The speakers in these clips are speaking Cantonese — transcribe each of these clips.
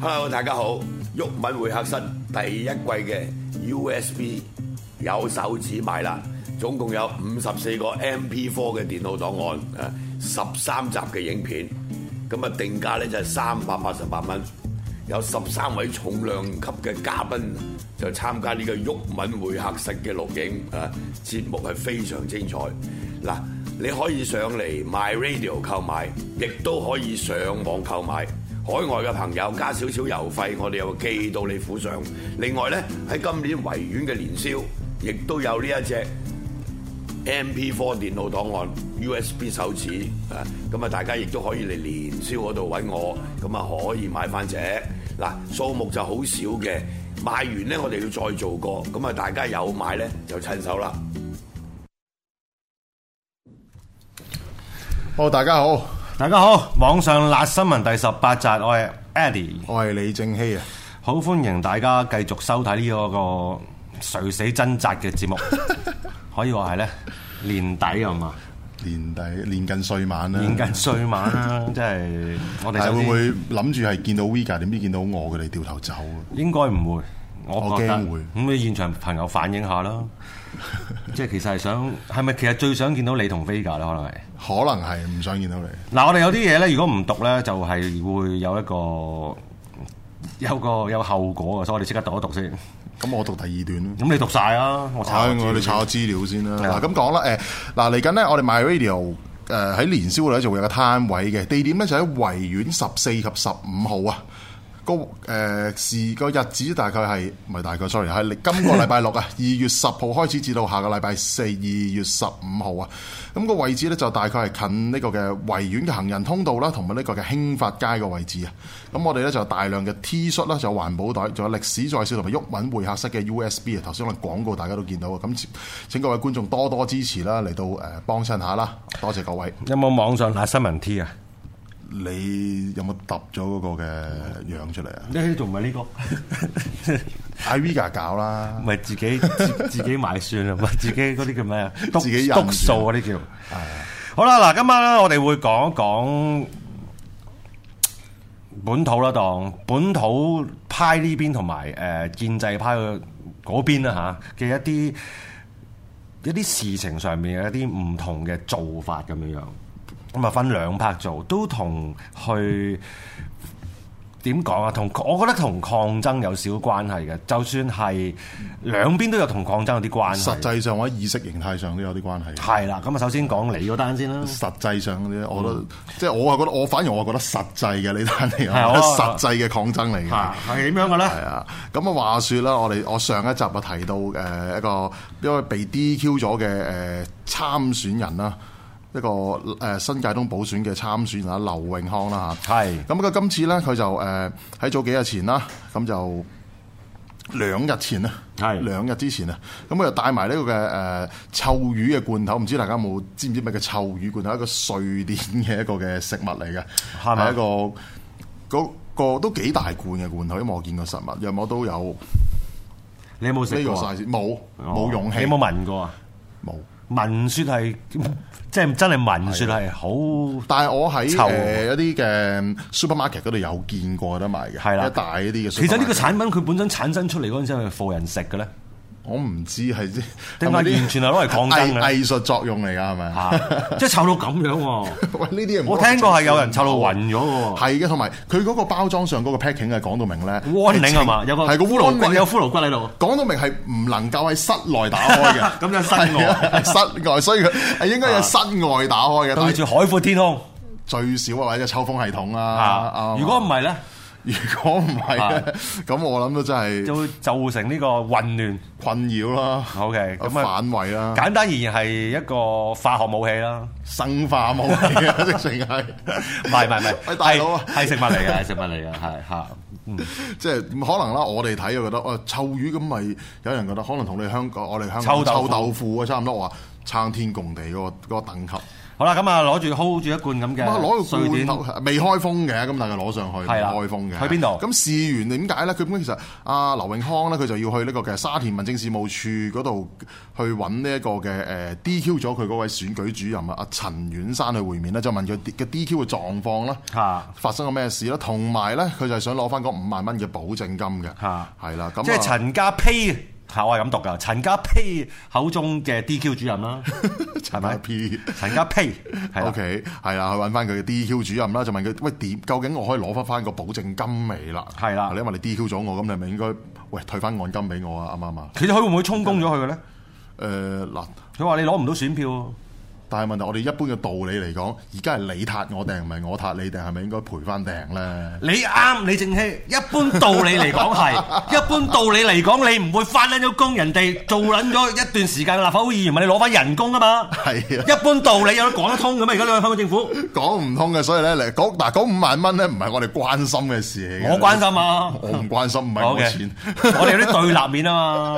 Hello，大家好！毓民會客室第一季嘅 USB 有手指賣啦，總共有五十四個 MP4 嘅電腦檔案，誒，十三集嘅影片，咁啊，定價咧就係三百八十八蚊，有十三位重量級嘅嘉賓就參加呢個毓民會客室嘅錄影，誒，節目係非常精彩。嗱，你可以上嚟 My Radio 購買，亦都可以上網購買。海外嘅朋友加少少郵費，我哋又寄到你府上。另外咧，喺今年維園嘅年宵，亦都有呢一隻 MP4 電腦檔案 U S B 手指啊，咁啊，大家亦都可以嚟年宵嗰度揾我，咁啊，可以買翻隻。嗱、啊，數目就好少嘅，賣完咧，我哋要再做過，咁啊，大家有買咧就趁手啦。好、哦，大家好。大家好，網上辣新聞第十八集，我係 Addie，我係李正熙啊，好歡迎大家繼續收睇呢一個垂死掙扎嘅節目， 可以話係咧年底啊嘛， 係咪？年底年近歲晚啦，年近歲晚啦、啊，即係、啊、 我哋會唔會諗住係見到 Vega 點知見到我佢哋掉頭走啊？應該唔會。我驚機會咁，你現場朋友反映下啦。 即係其實係想，係咪其實最想見到你同飛架啦？可能係，可能係唔想見到你。嗱，我哋有啲嘢咧，如果唔讀咧，就係、是、會有一個有一個有，個有個後果嘅，所以我哋即刻讀一讀先、嗯。咁我讀第二段啦。咁你讀晒啊！我查我哋查個資料先啦。嗱，咁講啦，誒嗱嚟緊咧，我哋、欸、My Radio 誒喺年宵嗰度咧，就會有個攤位嘅地點咧，就喺維園十四及十五號啊。個誒是、呃、個日子，大概係咪大概？sorry，喺今個禮拜六啊，二 月十號開始至到下個禮拜四，二月十五號啊。咁、那個位置咧就大概係近呢個嘅維園嘅行人通道啦，同埋呢個嘅興發街嘅位置啊。咁我哋咧就有大量嘅 T 恤啦，就有環保袋，仲有歷史在線同埋毓民會客室嘅 USB 啊。頭先我哋廣告大家都見到啊。咁請各位觀眾多多支持啦，嚟到誒幫襯下啦。多謝各位。有冇網上睇新聞 T 啊？你有冇揼咗嗰個嘅樣出嚟啊？你仲唔係呢個 ？Ivica 搞啦，咪自己自己，自己買算啦，咪自己嗰啲叫咩啊？自己篤數嗰啲叫。 啊、好啦，嗱，今晚咧我哋會講一講本土啦，當本土派呢邊同埋誒建制派嗰嗰邊啦，嚇嘅一啲一啲事情上面有一啲唔同嘅做法咁樣樣。咁啊，分兩拍做，都同去點講啊？同我覺得同抗爭有少少關係嘅，就算係兩邊都有同抗爭有啲關係。實際上或者意識形態上都有啲關係。係啦，咁啊，首先講你嗰單先啦。實際上嗰啲，我都即係我係覺得，嗯、即我反而我覺得實際嘅呢單係有啲實際嘅抗爭嚟嘅。係點樣嘅咧？係啊，咁啊，話説啦，我哋我上一集啊提到誒一個因為被 DQ 咗嘅誒參選人啦。一個誒新界東補選嘅參選人，劉頴匡啦嚇，係咁啊！今次咧佢就誒喺早幾日前啦，咁就兩日前啊，係的兩日之前啊，咁佢就帶埋呢、這個嘅誒、呃、臭魚嘅罐頭，唔知大家冇知唔知咩叫臭魚罐頭，一個瑞典嘅一個嘅食物嚟嘅，係咪嗎一個嗰個,個都幾大罐嘅罐頭？因為我見過實物，若果都有，你有冇食過？冇冇、哦、勇氣？你有冇聞過啊？冇。聞說係，即係真係聞說係好，但係我喺誒、呃呃、一啲嘅 supermarket 嗰度有見過得埋嘅，的一大嗰啲嘅。其實呢個產品佢的本身產生出嚟嗰陣時係富人食嘅咧。我唔知係，定係完全係攞嚟抗爭嘅藝術作用嚟噶，係咪？吓，即係臭到咁樣喎！呢啲我聽過係有人臭到暈咗喎。係嘅，同埋佢嗰個包裝上嗰個 packing 啊，講到明咧，warning 係嘛？有個 warning 有骷髏骨喺度，講到明係唔能夠喺室內打開嘅。咁就室外，室外，所以佢係應該係室外打開嘅，對住海闊天空。最少啊，或者抽風系統啦！如果唔係咧？如果唔係咧，咁的我諗都真係，就會造成呢個混亂困擾啦。OK，咁反胃啦。簡單而言係一個化學武器啦，生化武器啊，直情係。唔係唔係唔係， 大佬哥係食物嚟嘅，係食物嚟嘅，係吓。嗯、即係可能啦。我哋睇就覺得，誒、呃，臭魚咁咪，有人覺得可能同你香港，我哋香港臭豆腐啊差唔多。話撐天共地嘅，那個等級。那個等級好啦，咁啊，攞住 hold 住一罐咁嘅，攞個罐未開封嘅，咁但係攞上去的開封嘅，去邊度？咁試完點解咧？佢本身其實阿劉永康咧，佢就要去呢個嘅沙田民政事務處嗰度去揾呢一個嘅誒 DQ 咗佢嗰位選舉主任啊，阿陳婉珊去會面咧，就問佢嘅 DQ 嘅狀況啦，的發生咗咩事咧？同埋咧，佢就係想攞翻嗰五萬蚊嘅保證金嘅，係啦的，咁即係陳家呸。的我係咁讀噶，陳家呸口中嘅 DQ 主任啦，係咪 皮？陳 家呸，OK，係啦，去揾翻佢嘅 DQ 主任啦，就問佢：喂，點究竟我可以攞翻翻個保證金未啦？係啦的，因為你話你 DQ 咗我，咁你咪應該喂退翻按金俾我啊？啱啱啊？其實佢會唔會充公咗佢嘅咧？誒嗱、 呃，佢話你攞唔到選票。但係問題，我哋一般嘅道理嚟講，而家係你撻我掟，唔係我撻你掟，係咪應該賠翻掟咧？你啱，李政熙，一般道理嚟講係，一般道理嚟講，你唔會翻甩咗工，人哋做撚咗一段時間嘅立法會議員，咪你攞翻人工啊嘛？係啊，一般道理有得講得通嘅咩？而家你去香港政府講唔通嘅，所以咧嚟講，嗱嗰五萬蚊咧，唔係我哋關心嘅事。我關心啊！我唔關心，唔係我嘅錢。我哋啲對立面啊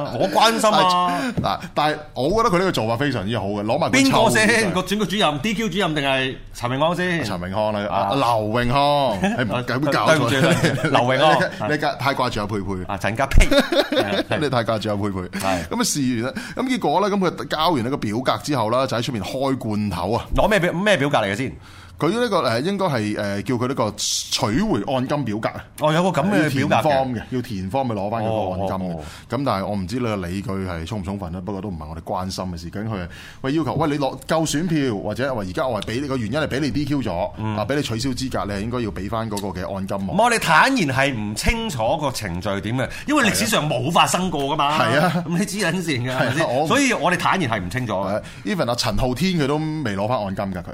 嘛，我關心啊！嗱，但係我覺得佢呢個做法非常之好嘅，攞埋邊個先？個轉個主任，DQ 主任定係陳明康先？陳明康啦，啊劉，劉永康，你唔搞錯，劉永康，你太掛住阿佩佩啊，陳家平， 你太掛住阿佩佩，係咁啊，試完啦，咁結果咧，咁佢交完呢個表格之後啦，就喺出面開罐頭啊，攞咩表咩表格嚟嘅先？佢呢個誒應該係誒叫佢呢個取回按金表格啊，哦哦！哦，有、哦、個咁嘅表格嘅，要填方咪攞翻嗰個按金嘅。咁但係我唔知你嘅理據係充唔充分啦。不過都唔係我哋關心嘅事。究竟佢喂要求，喂你攞夠選票，或者我而家我係俾你個原因係俾你 DQ 咗，啊俾、嗯、你取消資格，你係應該要俾翻嗰個嘅按金案、嗯、我哋坦然係唔清楚個程序點嘅，因為歷史上冇發生過㗎嘛。係啊，咁、嗯、你指引先嘅，啊、所以我哋坦然係唔清楚 Even 阿、啊、陳浩天佢都未攞翻按金㗎佢。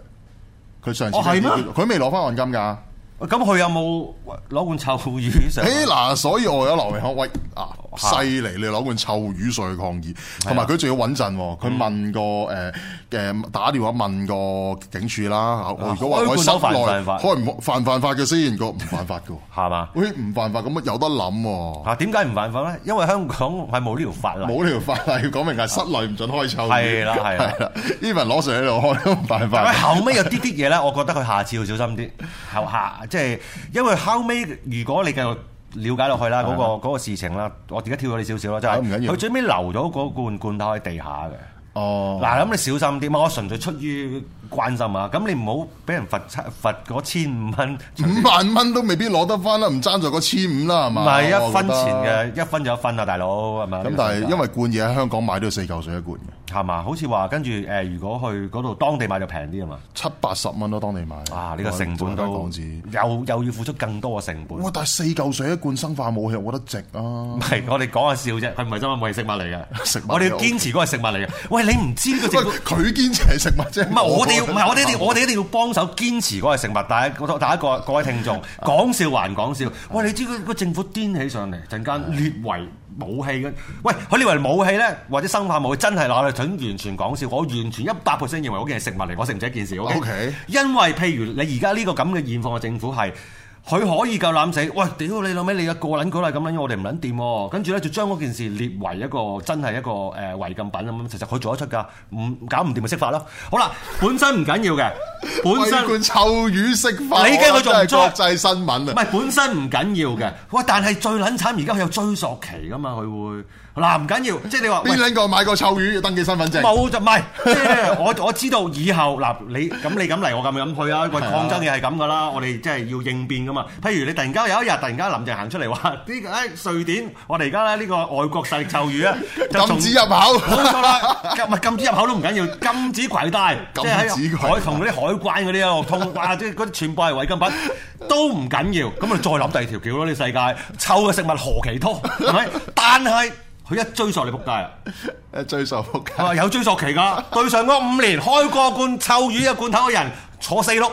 我係咩？佢未攞翻現金噶、啊，咁佢有冇攞罐臭魚？食？誒嗱，所以我有留意可喂啊。犀利！你攞罐臭魚碎去抗議，同埋佢仲要穩陣。佢問個誒誒打電話問個警署啦，我如果話喺室內開犯犯法嘅先，個唔犯法噶，係嘛？誒唔犯法咁乜嗎、哎、有得諗喎、啊？嚇點解唔犯法咧？因為香港係冇呢條法例，冇呢條法例要講明係室內唔准開臭魚。係啦係啦，Even 攞上喺度開都唔犯法。後尾有啲啲嘢咧， 我覺得佢下次要小心啲，後下即係因為後尾，如果你繼續。了解落去啦，嗰、嗰個嗰個事情啦，我而家跳咗你少少啦。就係哎、係佢最尾留咗嗰罐罐頭喺地下嘅。哦，嗱咁你小心啲，我純粹出於。關心啊！咁你唔好俾人罰七罰嗰千五蚊，五萬蚊都未必攞得翻啦，唔爭在嗰千五啦，係嘛？唔係一分錢嘅一分就一分啊，大佬係嘛？咁但係因為罐嘢喺香港買都要四嚿水一罐嘅，係嘛？好似話跟住誒，如果去嗰度當地買就平啲啊嘛，七八十蚊咯，當地買啊！呢個成本都港紙，又又要付出更多嘅成本。但係四嚿水一罐生化武器，我覺得值啊！唔係我哋講下笑啫，係唔係真係食物嚟嘅食物。我哋要堅持嗰係食物嚟嘅。喂，你唔知呢個？佢堅持係食物啫。唔係我哋。唔係，我哋一定，我哋一定要幫手堅持嗰個食物。大家，我同大家個各位聽眾講笑還講笑。 喂，你知佢個政府癲起上嚟陣間，列為武器嘅。喂，佢列為武器咧，或者生化武器真係攞嚟整，完全講笑。我完全一百 percent 認為嗰件係食物嚟，我食唔食一件事。O、okay? K，Okay. 因為譬如你而家呢個咁嘅現況嘅政府係。佢可以夠攬死，喂！屌你老味，你個過撚舉例咁樣，因為我哋唔撚掂喎。跟住咧就將嗰件事列為一個真係一個誒、呃、違禁品咁樣，其實佢做得出噶，唔搞唔掂咪釋法咯。好啦，本身唔緊要嘅，本身臭魚釋法，你驚佢做唔出？國際新聞啊，唔係本身唔緊要嘅，哇！ 但係最撚慘而家佢有追溯期噶嘛，佢會。嗱，唔緊要，即係你話呢兩個買個臭魚登記身份證？冇就唔係，即係我我知道以後嗱，你咁你咁嚟，我咁咪咁去啊？喂，抗爭嘢係咁噶啦，我哋即係要應變噶嘛。譬如你突然間有一日，突然間林鄭行出嚟話呢個誒瑞典，我哋而家咧呢個外國勢力臭魚啊，禁止入口冇錯啦，禁唔禁止入口都唔緊要，禁止攜帶，即係海同嗰啲海關嗰啲啊，通哇，即係嗰啲全部係違禁品，都唔緊要，咁啊再諗第二條橋咯，呢世界臭嘅食物何其多，係咪？但係。佢一追索你仆街啊！一追索仆街，係咪有追索期㗎？ 對上嗰五年開過罐臭魚嘅罐頭嘅人坐四碌，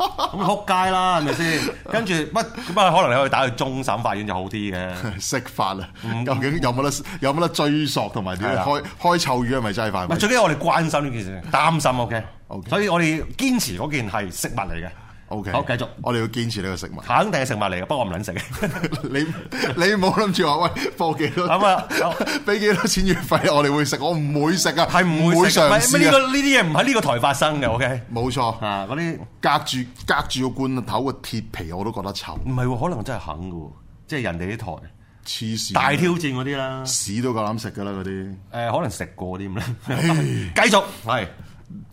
咁仆街啦，係咪先？跟住乜咁啊？可能你可以打去終審法院就好啲嘅。釋法啊！嗯、究竟有冇得有冇得追索同埋點樣開開臭魚係咪真係犯法？最緊要我哋關心呢件事情，擔心 OK, okay. 所以我哋堅持嗰件係釋法嚟嘅。O K，好繼續，我哋要堅持呢個食物，肯定係食物嚟嘅。不過我唔撚食嘅，你你唔好諗住話喂破幾多咁啊，俾幾多錢月費，我哋會食，我唔會食啊，係唔會嘗試啊。呢個呢啲嘢唔喺呢個台發生嘅，O K，冇錯啊。嗰啲隔住隔住個罐頭個鐵皮，我都覺得臭。唔係喎，可能真係肯嘅，即係人哋啲台黐屎，大挑戰嗰啲啦，屎都夠膽食噶啦嗰啲。誒，可能食過啲咁咧。繼續係。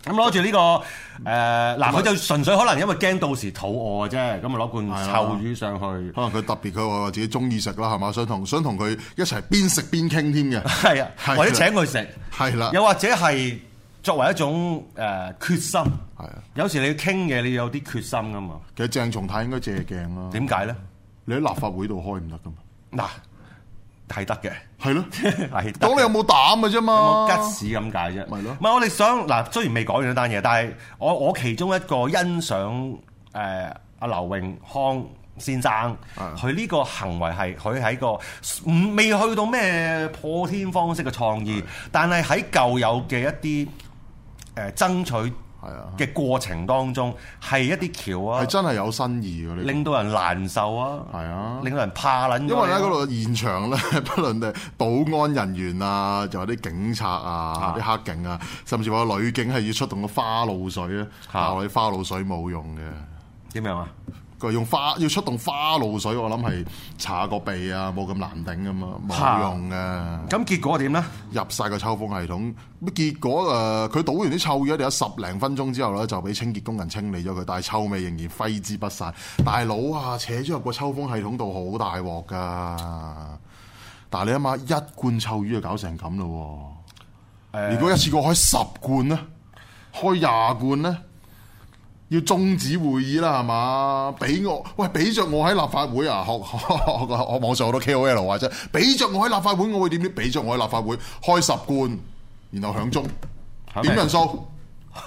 咁攞住呢個誒，嗱、呃、佢就純粹可能因為驚到時肚餓嘅啫，咁啊攞罐臭魚上去。可能佢特別佢話自己中意食啦，係嘛，想同想同佢一齊邊食邊傾添嘅。係啊的，的或者請佢食。係啦的，又或者係作為一種誒、呃、決心。係啊的，有時你要傾嘢，你有啲決心噶嘛。其實鄭松泰應該借鏡啦、啊。點解咧？你喺立法會度開唔得噶嘛？嗱。係得嘅，係咯，嗱，睇你有冇膽嘅啫嘛，有有吉屎咁解啫，咪咯，唔係我哋想嗱，雖然未講完一單嘢，但係我我其中一個欣賞誒阿、呃、劉永康先生，佢呢是的 個行為係佢喺個唔未去到咩破天荒式嘅創意，是的 但係喺舊有嘅一啲誒、呃、爭取。嘅過程當中係一啲橋啊，係真係有新意嘅，這個 令到人難受啊，係是啊，令到人怕撚。因為喺嗰度現場咧，嗯、 不論係保安人員啊，仲有啲警察啊、啲是、啊、黑警啊，甚至話女警係要出動個花露水啊，咧，是啊，花露水冇用嘅。點樣啊？佢用花要出動花露水，我諗係搽個鼻啊，冇咁難頂咁嘛，冇用嘅。咁結果點咧？入晒個抽風系統，結果誒，佢、呃、倒完啲臭魚，又有十零分鐘之後咧，就俾清潔工人清理咗佢，但係臭味仍然揮之不散。大佬啊，扯咗入個抽風系統度好大鑊噶！但係你諗下，一罐臭魚就搞成咁咯？呃、如果一次過開十罐咧，開廿罐咧？要終止會議啦，係嘛？俾我喂，俾著我喺立法會啊，學學學網上好多 KOL 話啫。俾着我喺立法會，我會點？俾着我喺立法會開十罐，然後響鐘點人數， 啊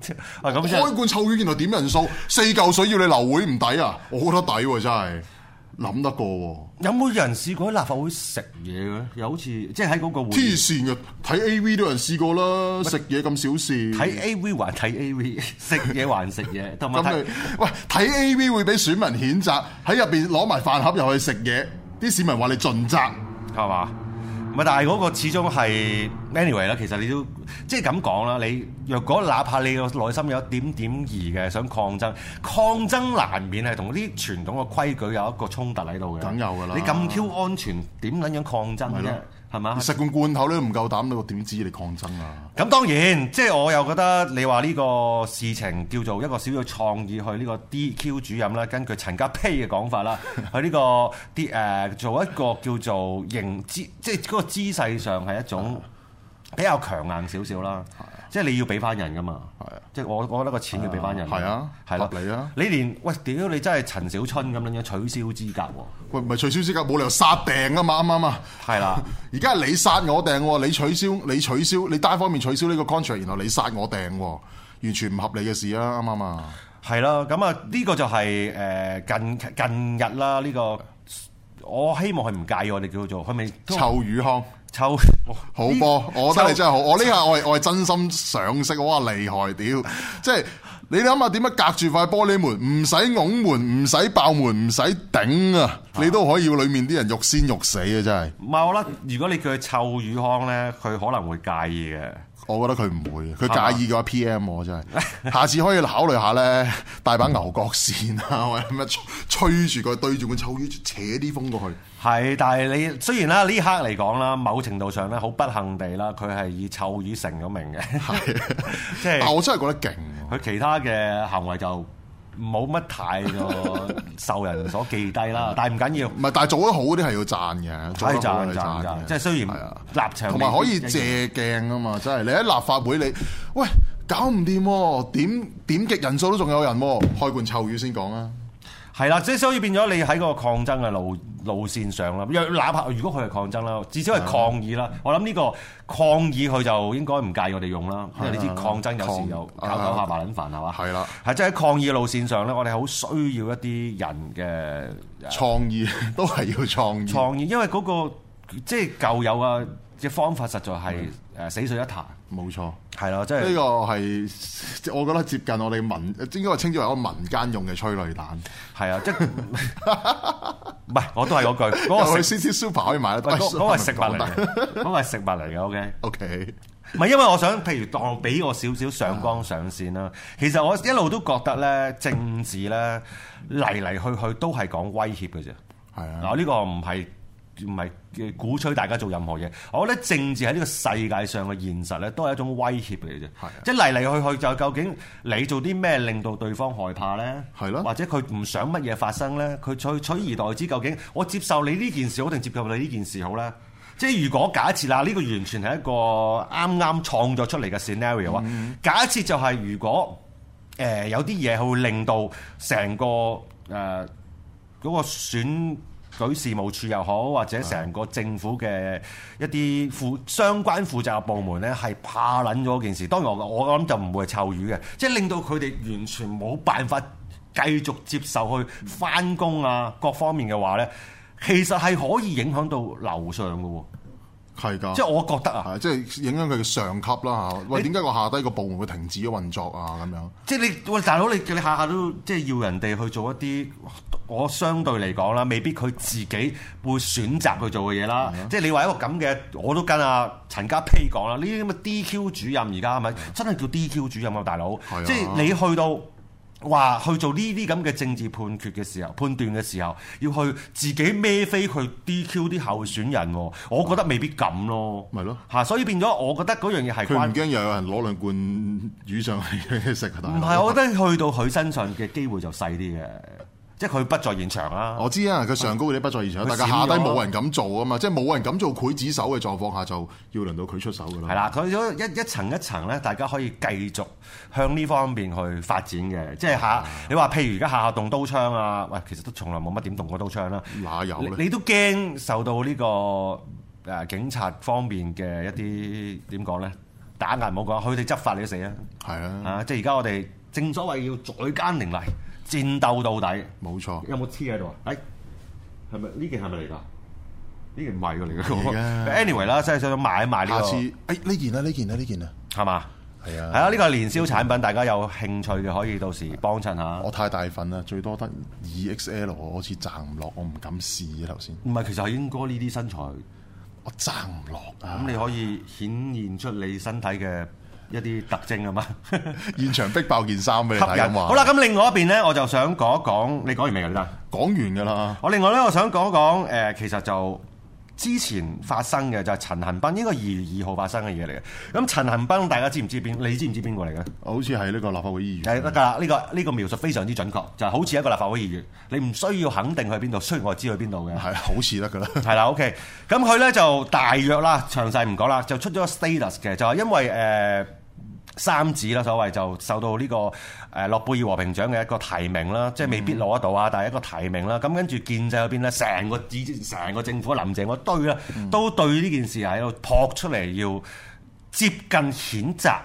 就係、開罐臭魚，然後點人數四嚿水，要你流會唔抵啊？我覺得真抵真係、啊。諗得過？有冇人試過喺立法會食嘢嘅？又好似即係喺嗰個會黐線嘅，睇 A V 都有人試過啦。食嘢咁小事，睇 A V 還睇 A V，食嘢還食嘢，同埋 喂睇 A V 會俾選民譴責，喺入邊攞埋飯盒入去食嘢，啲市民話你盡責，係嘛？唔係，但係嗰個始終係 Anyway 啦。其實你都即係咁講啦。你若果哪怕你個內心有一點點疑嘅想抗爭，抗爭難免係同啲傳統嘅規矩有一個衝突喺度嘅。梗有㗎啦！你咁 Q 安全，點撚樣抗爭啫？係嘛？食罐罐頭都唔夠膽，我點知？你抗爭啊？咁當然，即係我又覺得你話呢個事情叫做一個少少創意，去呢個 DQ 主任啦，根據陳家呸嘅講法啦，去呢個啲誒、呃、做一個叫做形姿，即係嗰個姿勢上係一種比較強硬少少啦。即係你要俾翻人噶嘛，係啊的！即係我，我覺得個錢要俾翻人。係的的啊，係啦，你啊，你連喂屌，你真係陳小春咁樣樣取消資格喎！喂，唔係取消資格，冇理由殺訂啊嘛，啱啱啊？係啦，而家係你殺我訂喎，你取消，你取消，你單方面取消呢個 contract，然後你殺我訂喎，完全唔合理嘅事啊，啱啱啊？係啦，咁啊，呢個就係誒近近日啦，呢、這個我希望係唔介意我哋叫做係咪臭魚匡？抽好波臭，我覺得、 就是，你真係好，我呢下我係我係真心賞識，哇，厲害屌！即係你諗下點樣隔住塊玻璃門，唔使拱門，唔使爆門，唔使頂啊，啊你都可以裏面啲人肉先肉死啊！真係、啊。唔係我諗，如果你叫佢臭魚湯臭魚匡咧，佢可能會介意嘅。我覺得佢唔會，佢吧介意嘅話 PM 我真係，下次可以考慮下咧，大把牛角扇啊， 或者咁樣吹住佢對住個臭魚扯啲風過去。係，但係你雖然啦呢刻嚟講啦，某程度上咧好不幸地啦，佢係以臭魚成咗名嘅。係，即係。但我真係覺得勁，佢其他嘅行為就。冇乜太過受人所記低啦， 但係唔緊要。唔係，但係做得好嗰啲係要讚嘅，係讚讚讚。哎、即係雖然立場同埋可以借鏡啊嘛，真係你喺立法會你喂搞唔掂，啊，點點擊人數都仲有人，啊、開罐臭魚先講啊！係啦，即係所以變咗你喺嗰個抗爭嘅路。路線上啦，若哪怕如果佢係抗爭啦，至少係抗議啦，的我諗呢個抗議佢就應該唔介意我哋用啦，的因為你知抗爭有時有靠靠，搞搞下麻撚煩係嘛？係啦的，係即係抗議嘅路線上咧，我哋好需要一啲人嘅創意，都係要創意。創意，因為嗰個即係舊有嘅方法，實在係誒死水一潭。冇錯，係咯，即係呢個係，即我覺得接近我哋民，應該稱之為一 個民間用嘅催淚彈。係啊，即係唔係？我都係嗰句，嗰個 C Super 可以買，嗰、啊、個嗰食物嚟，嗰個食物嚟嘅。O K O K，唔係因為我想，譬如當俾我少少上綱上線啦。Uh、其實我一路都覺得咧，政治咧嚟嚟去去都係講威脅嘅啫。係啊，嗱呢個唔係。唔係鼓吹大家做任何嘢，我覺得政治喺呢個世界上嘅現實咧，都係一種威脅嚟啫。係。即係嚟嚟去去就究竟你做啲咩令到對方害怕咧？係咯，或者佢唔想乜嘢發生咧？佢取取而代之，究竟我接受你呢件事好定接受你呢件事好咧？即係如果假設啦，呢個完全係一個啱啱創作出嚟嘅 scenario 啊，嗯嗯、假設就係如果誒有啲嘢係會令到成個誒嗰個選。舉事務處又好，或者成個政府嘅一啲負相關負責嘅部門呢，係怕撚咗件事。當然我我諗就唔會係臭魚嘅，即係令到佢哋完全冇辦法繼續接受去返工啊、各方面嘅話呢，其實係可以影響到樓上嘅係噶，即係我覺得啊，即係影響佢嘅上級啦嚇。喂你，點解我下低個部門會停止咗運作啊？咁樣，即係你喂大佬，你叫你下下都即係要人哋去做一啲，我相對嚟講啦，未必佢自己會選擇去做嘅嘢啦。的即係你話一個咁嘅，我都跟阿陳家呸講啦。呢啲咁嘅 DQ 主任而家係咪真係叫 DQ 主任啊，大佬。的即係你去到。話去做呢啲咁嘅政治判決嘅時候，判斷嘅時候，要去自己孭飛佢 DQ 啲候選人，我覺得未必咁咯。係咯的，嚇！所以變咗，我覺得嗰樣嘢係佢唔驚又有人攞兩罐魚上去食啊！唔係，我覺得去到佢身上嘅機會就細啲嘅。 即係佢不在現場啦，我知啊，佢上高嗰啲不在現場，現場哎、大家下低冇人敢做啊嘛，即係冇人敢做劊子手嘅狀況下，就要輪到佢出手噶啦。係啦，佢一一層一層咧，大家可以繼續向呢方面去發展嘅。即係下，啊、你話譬如而家下下動刀槍啊，喂，其實都從來冇乜點動過刀槍啦。哪有你？你都驚受到呢個誒警察方面嘅一啲點講咧？打壓唔好講，佢哋執法你都死啊，係啊的，啊，即係而家我哋正所謂要再奸凌厲。戰鬥到底沒錯 有有，冇、哎、錯。有冇黐喺度啊？誒，係咪呢件係咪嚟㗎？呢件唔係㗎嚟㗎。Anyway 啦，真係想買買呢個。下次誒呢件啊，呢件啊，呢件啊，係嘛？係啊。係啊，呢個係年宵產品，的大家有興趣嘅可以到時幫襯下。我太大份啦，最多得 2XL，我好似掙唔落，我唔敢試啊頭先。唔係，其實係應該呢啲身材，我掙唔落啊。咁你可以顯現出你身體嘅一啲特徵吖嘛？ 現場逼爆件衫俾你睇啊吸引、嗯！好啦，咁另外一邊咧，我就想講一講。你講完未啊？你得講完㗎啦！我另外咧，我想講一講誒、呃，其實就之前發生嘅就係、是、陳恆賓呢個二月二號發生嘅嘢嚟嘅。咁陳恆賓大家知唔知邊？你知唔知邊個嚟嘅？好似係呢個立法會議員，係得㗎。呢、這個呢、這個描述非常之準確，就係、是、好似一個立法會議員。你唔需要肯定佢喺邊度，雖然我知佢邊度嘅，係好似得㗎啦。係啦，OK。咁佢咧就大約啦，詳細唔講啦，就出咗個 status 嘅，就係因為誒。呃三子啦，所謂就受到呢、呢個誒、呃、諾貝爾和平獎嘅一個提名啦，即係未必攞得到啊，但係一個提名啦。咁跟住建制嗰邊咧，成個政成個政府林鄭嗰堆啦，都對呢件事喺度撲出嚟，要接近譴責。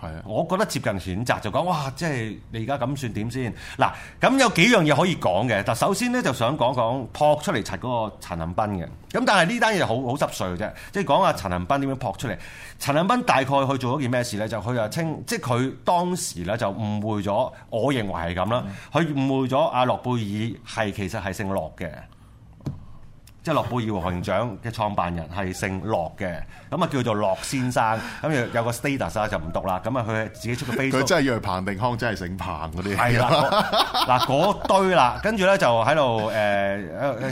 係啊，我覺得接近譴責就講，哇！即係你而家咁算點先？嗱，咁有幾樣嘢可以講嘅。但首先咧就想講講撲出嚟柒嗰個陳恆賓嘅。咁但係呢單嘢好好濕碎嘅啫，即係講下陳恆賓點樣撲出嚟。陳恆賓大概去做咗件咩事咧？就佢、是、啊稱，即係佢當時咧就誤會咗，我認為係咁啦。佢誤會咗阿諾貝爾係其實係姓諾嘅。即係諾貝爾和平獎嘅創辦人係姓諾嘅，咁啊叫做諾先生，咁又有個 status 就唔讀啦。咁啊佢自己出個 f a 佢真係以為彭定康真，真係姓彭嗰啲。係、那、啦、個，嗱嗰堆啦，跟住咧就喺度誒誒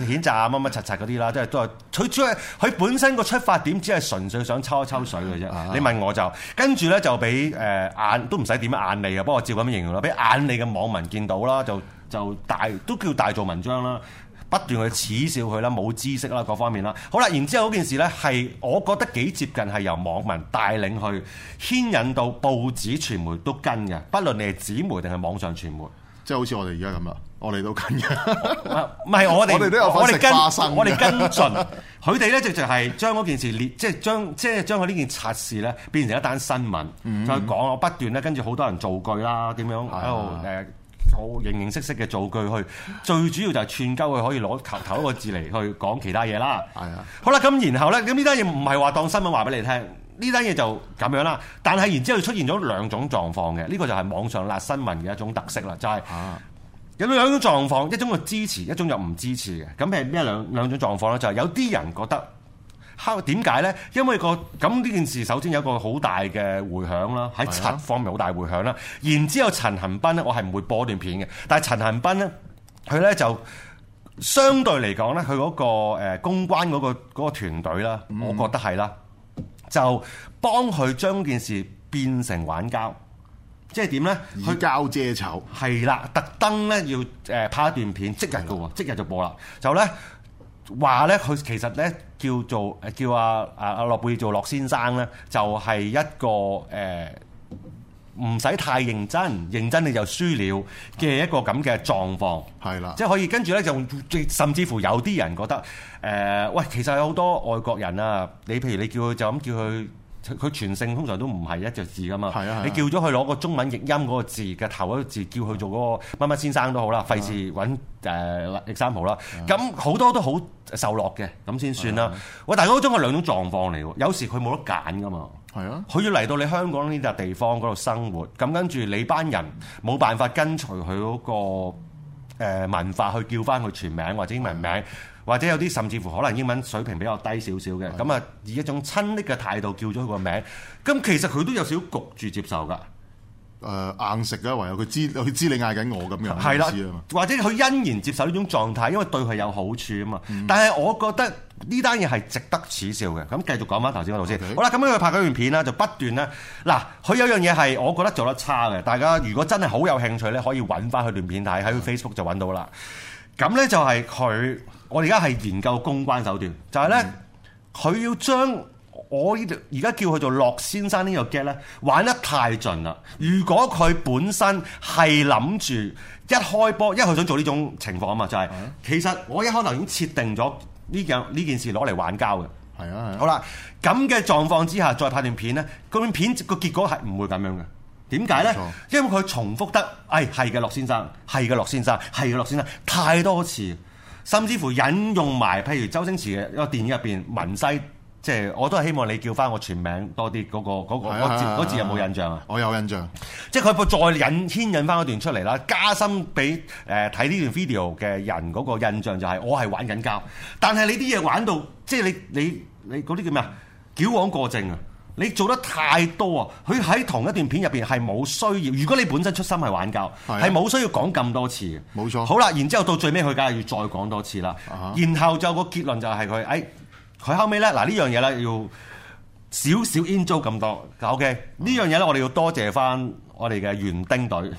譴責乜乜柒柒嗰啲啦，即係都係佢，因佢本身個出發點只係純粹想抽一抽水嘅啫。你問我就，跟住咧就俾誒眼都唔使點眼你啊，不過照咁樣形容咯，俾眼你嘅網民見到啦，就就大都叫大做文章啦。不斷去恥笑佢啦，冇知識啦，各方面啦，好啦，然之後嗰件事咧係我覺得幾接近係由網民帶領去牽引到報紙傳媒都跟嘅，不論你係紙媒定係網上傳媒，即係好似我哋而家咁啊，我哋都跟嘅，唔係我哋，我哋跟我哋跟進，佢哋咧直就係、是、將嗰件事列，即、就、係、是、將即係、就是、將佢呢件擦事咧變成一單新聞再講、嗯嗯，我不斷咧跟住好多人造句啦，點樣喺度誒？啊做形形色色嘅造句去，最主要就係串鳩佢可以攞頭頭一個字嚟去講其他嘢啦。係啊， 好啦，咁然後呢？咁呢單嘢唔係話當新聞話俾你聽，呢單嘢就咁樣啦。但係然之後出現咗兩種狀況嘅，呢、這個就係網上辣新聞嘅一種特色啦，就係、是、有兩兩種狀況，一種係支持，一種就唔支持嘅。咁係咩兩兩種狀況呢？就係、是、有啲人覺得。嚇點解呢？因為個咁呢件事，首先有一個好大嘅回響啦，喺陳是的 方面好大回響啦。是的 然之後，陳恆賓呢，我係唔會播段片嘅。但係陳恆賓呢，佢呢就相對嚟講呢，佢嗰個誒公關嗰個、嗰個團隊啦，嗯、我覺得係啦，就幫佢將件事變成玩膠。即係點呢？去教借籌係啦，特登呢要誒拍一段片，即日嘅喎，即日就播啦。就呢話呢，佢其實呢。叫做誒叫阿阿阿諾貝做諾先生咧，就係、是、一個誒唔使太認真，認真你就輸了嘅一個咁嘅狀況。係啦、嗯，即係可以跟住咧，就甚至乎有啲人覺得誒、呃、喂，其實有好多外國人啊，你譬如你叫佢就咁叫佢。佢全姓通常都唔係一隻字噶嘛，啊、你叫咗佢攞個中文譯音嗰個字嘅頭嗰個字叫佢做嗰個乜乜先生都好啦，費事揾誒譯三號啦。咁好多都好受落嘅，咁先算啦。喂、啊，大家嗰中係兩種狀況嚟嘅，有時佢冇得揀噶嘛。係咯、啊，佢要嚟到你香港呢笪地方嗰度生活，咁跟住你班人冇辦法跟隨佢嗰個誒文化去叫翻佢全名或者英文名。或者有啲甚至乎可能英文水平比較低少少嘅咁啊，是的 以一種親昵嘅態度叫咗佢個名，咁其實佢都有少少焗住接受㗎。誒、呃、硬食嘅唯有佢知佢知你嗌緊我咁樣係啦，或者佢欣然接受呢種狀態，因為對佢有好處啊嘛。但係我覺得呢單嘢係值得恥笑嘅。咁繼續講翻頭先嗰套先好啦。咁樣佢拍嗰段片咧，就不斷咧嗱。佢有樣嘢係我覺得做得差嘅。大家如果真係好有興趣咧，可以揾翻佢段片睇，喺 Facebook 就揾到啦。咁咧就係佢。我而家係研究公關手段，就係、是、咧，佢、嗯、要將我依度而家叫佢做樂先生呢個 gag 咧玩得太盡啦！如果佢本身係諗住一開波，因為佢想做呢種情況啊嘛，就係、是、的其實我一開頭已經設定咗呢樣呢件事攞嚟玩交嘅。係啊，好啦，咁嘅狀況之下再拍段片咧，個片個結果係唔會咁樣嘅。點解咧？的因為佢重複得，誒係嘅樂先生，係嘅樂先生，係嘅樂先生太多次。甚至乎引用埋，譬如周星馳嘅一個電影入邊，文西即係我都係希望你叫翻我全名多啲嗰個字，嗰個、字有冇印象啊？我有印象，即係佢再引牽引翻嗰段出嚟啦，加深俾誒睇呢段 video 嘅人嗰、嗰個印象就係我係玩緊交，但係你啲嘢玩到即係你你你嗰啲叫咩啊？矯枉過正啊！你做得太多啊！佢喺同一段片入邊係冇需要。如果你本身出心係挽救，係冇是的 需要講咁多次嘅。冇沒錯。好啦，然之後到最尾佢梗係要再講多次啦。Uh huh、然後就個結論就係佢，誒、哎，佢後尾咧嗱呢樣嘢咧要少少 enjoy 咁多。OK，呢、uh huh、樣嘢咧我哋要多謝翻我哋嘅園丁隊、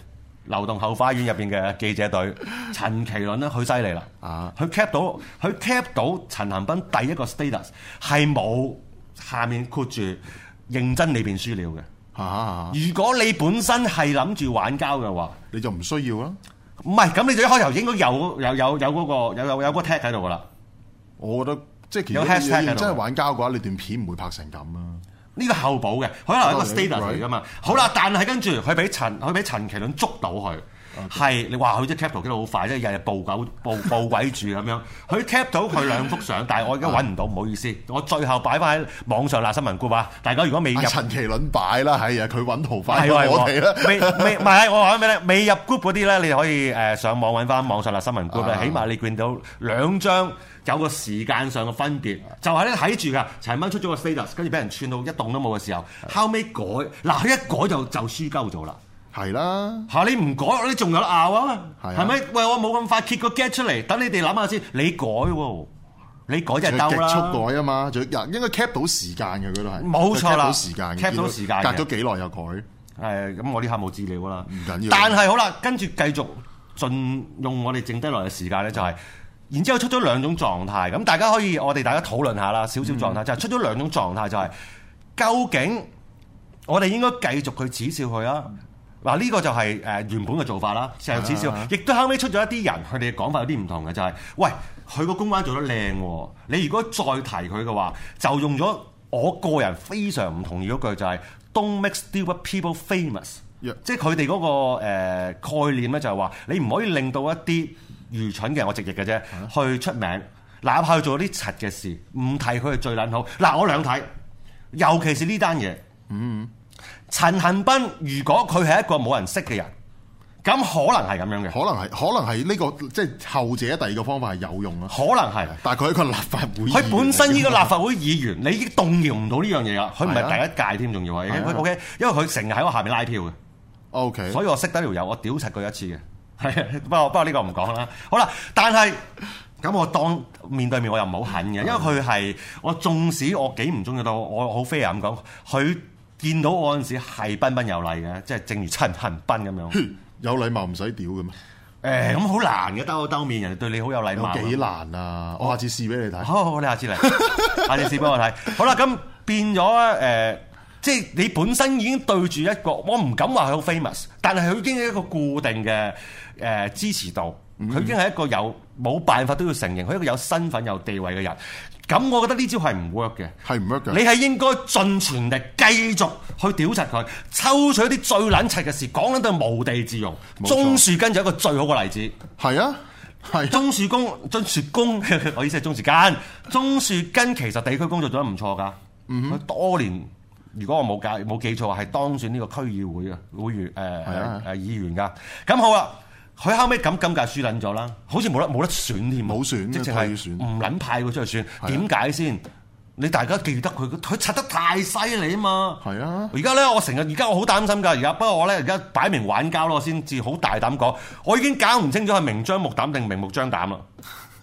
流動後花園入邊嘅記者隊， 陳其倫咧佢犀利啦，佢 cap、uh huh、到佢 cap 到陳恆賓第一個 status 係冇下面括住。認真你變輸了嘅，如果你本身係諗住玩交嘅話，你就唔需要啦。唔係，咁你就一開頭應該有有有有個有有有個 tag 喺度噶啦。我覺得即係其實有 tag 真係玩交嘅話，你段片唔會拍成咁啊。呢個後補嘅，可能一個 status 嚟噶嘛。好啦，但係跟住佢俾陳佢俾陳其麟捉到佢。係 Okay.，你話佢啲 capital 飛得好快，即係日日暴狗報報鬼住咁樣。佢 cap 到佢兩幅相， 但係我而家揾唔到，唔好意思。我最後擺翻喺網上嗱新聞 group 啊！大家如果未入，啊、陳其倫擺啦，係啊，佢揾圖翻我地啦。未 未唔係我話俾你？未入 group 嗰啲咧，你可以誒上網揾翻網上嗱新聞 group 啊！起碼你見到兩張有個時間上嘅分別，就係咧睇住㗎。陳生出咗個 status，跟住俾人串到一棟都冇嘅時候，後尾改嗱，佢一改就輸就輸鳩咗啦。了。係啦嚇、啊！你唔改，你仲有得拗啊？係咪是、啊？喂，我冇咁快揭個 get 出嚟，等你哋諗下先。你改喎、啊，你改就係鬥啦。速改啊嘛，仲應該 keep 到時間嘅，佢都係冇錯啦，keep 到時間 keep 到時間，時間隔咗幾耐又改。係咁、啊，我呢刻冇資料啦，唔緊要但。但係好啦，跟住繼續盡用我哋剩低落嘅時間咧、就是，就係然之後出咗兩種狀態咁，大家可以我哋大家討論下啦。少少狀態就係出咗兩種狀態，小小狀態就係、是就是嗯、究竟我哋應該繼續去指笑佢啊？嗱呢個就係誒原本嘅做法啦，石頭紙燒，啊、亦都後尾出咗一啲人，佢哋嘅講法有啲唔同嘅，就係、是、喂，佢個公關做得靚，嗯、你如果再提佢嘅話，就用咗我個人非常唔同意嗰句，就係、是、Don't make stupid people famous，、嗯、即係佢哋嗰個、呃、概念咧，就係話你唔可以令到一啲愚蠢嘅人，我直譯嘅啫，去出名，嗯、哪怕去做啲柒嘅事，唔提佢係最撚好。嗱我兩睇，尤其是呢單嘢，嗯。嗯。陳恆賓，如果佢係一個冇人識嘅人，咁可能係咁樣嘅，可能係可能係呢個即係後者第二個方法係有用啊？可能係，但係佢一個立法會議員，佢本身呢個立法會議員，你已經動搖唔到呢樣嘢啊！佢唔係第一屆添，仲要話！因為佢，因為佢成日喺我下面拉票嘅，OK，、啊、所以我識得條友，我屌柒佢一次嘅，係、啊、不過不過呢個唔講啦。好啦，但係咁我當面對面我又唔好狠嘅，啊、因為佢係我縱使我幾唔中意到，我好 fair 咁講佢。見到我嗰陣時係彬彬有禮嘅，即係正如陳恆賓咁樣。有禮貌唔使屌嘅咩？誒、咁好難嘅，兜兜面，人哋對你好有禮貌。幾難啊！我下次試俾你睇、哦。好，好，你下次嚟， 下次試俾我睇。好啦，咁變咗誒，即、呃、係、就是、你本身已經對住一個，我唔敢話佢好 famous，但係佢已經係一個固定嘅誒、呃、支持度，佢已經係一個有冇辦法都要承認，佢一個有身份有地位嘅人。咁我覺得呢招係唔 work 嘅，係唔 work 嘅。你係應該盡全力繼續去屌窒佢，抽取一啲最撚柒嘅事，講喺度無地自容。冇錯，鍾樹根就係一個最好嘅例子。係啊，係、啊。鍾樹公、鍾樹公，我意思係鍾樹根。鍾樹根其實地區工作做得唔錯㗎。嗯、哼佢多年，如果我冇記冇記錯，係當選呢個區議會嘅會員，誒、呃、誒、啊啊、議員㗎。咁好啦。佢後尾咁今屆輸撚咗啦，好似冇得冇得選添啊！冇選，選，直情唔撚派佢出去選，點解先？是的 你大家記得佢佢拆得太犀利啊嘛！係啊！而家咧，我成日而家我好擔心㗎，而家不過我咧而家擺明玩交咯，我先至好大膽講，我已經搞唔清楚係明張目膽定明目張膽啦。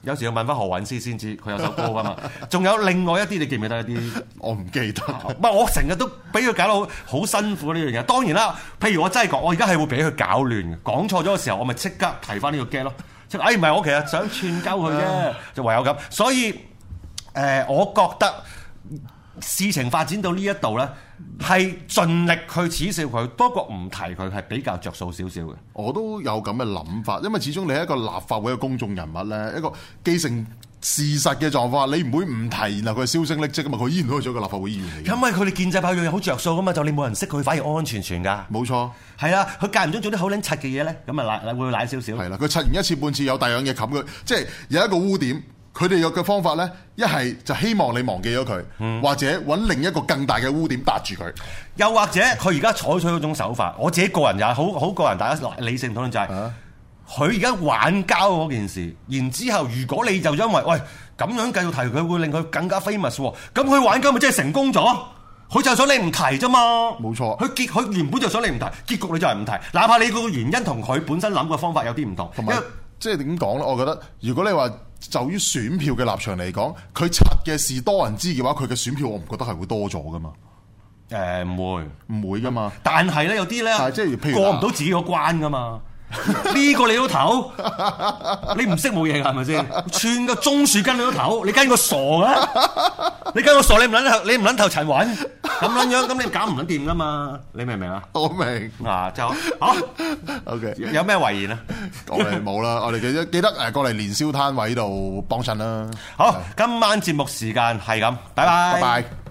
有時要問翻何韻詩先知佢有首歌㗎嘛，仲有另外一啲你記唔記得一啲？我唔記得，唔係我成日 都俾佢搞到好辛苦呢樣嘢。當然啦，譬如我真係講，我而家係會俾佢搞亂嘅，講錯咗嘅時候，我咪即刻提翻呢個 gag 咯，即，哎唔係，我其實想串鳩佢啫， 就唯有咁。所以誒、呃，我覺得。事情發展到呢一度咧，係盡力去恥笑佢，不過唔提佢係比較着數少少嘅。我都有咁嘅諗法，因為始終你係一個立法會嘅公眾人物咧，一個既成事實嘅狀況，你唔會唔提，然後佢消聲匿跡嘅嘛。佢依然都係做一個立法會議員嚟。因為佢哋建制派樣樣好着數嘅嘛，就你冇人識佢，反而安安全全㗎。冇錯，係啦，佢間唔中做啲口撚柒嘅嘢咧，咁啊懶會懶少少。係啦，佢柒完一次半次有第二樣嘢冚佢，即係有一個污點。佢哋有嘅方法呢，一係就希望你忘記咗佢，嗯、或者揾另一個更大嘅污點搭住佢，又或者佢而家採取嗰種手法。我自己個人也好好個人，大家理性討論就係佢而家玩膠嗰件事。然之後，如果你就因為喂咁樣繼續提佢，會令佢更加 famous 喎。咁佢玩膠咪真係成功咗？佢就想你唔提啫嘛。冇錯沒錯，佢結佢原本就想你唔提，結局你就係唔提。哪怕你個原因同佢本身諗嘅方法有啲唔同。因為 即係點講咧？我覺得如果你話就於選票嘅立場嚟講，佢拆嘅事多人知嘅話，佢嘅選票我唔覺得係會多咗噶嘛。誒、欸，唔會唔會噶嘛。但係咧有啲咧，是即係譬如過唔到自己個關噶嘛。呢 個你都投，你唔識冇嘢噶係咪先？串個鍾樹根你都投，你跟個傻噶、啊？你跟個傻，你唔捻頭，你唔捻頭陳雲咁捻樣，咁你搞唔捻掂噶嘛？你明唔明 啊？我明。嗱就好，好，OK。有咩遺言啊？我哋冇啦，我哋記記得誒過嚟年宵攤位度幫襯啦。好，今晚節目時間係咁，拜拜。拜，拜。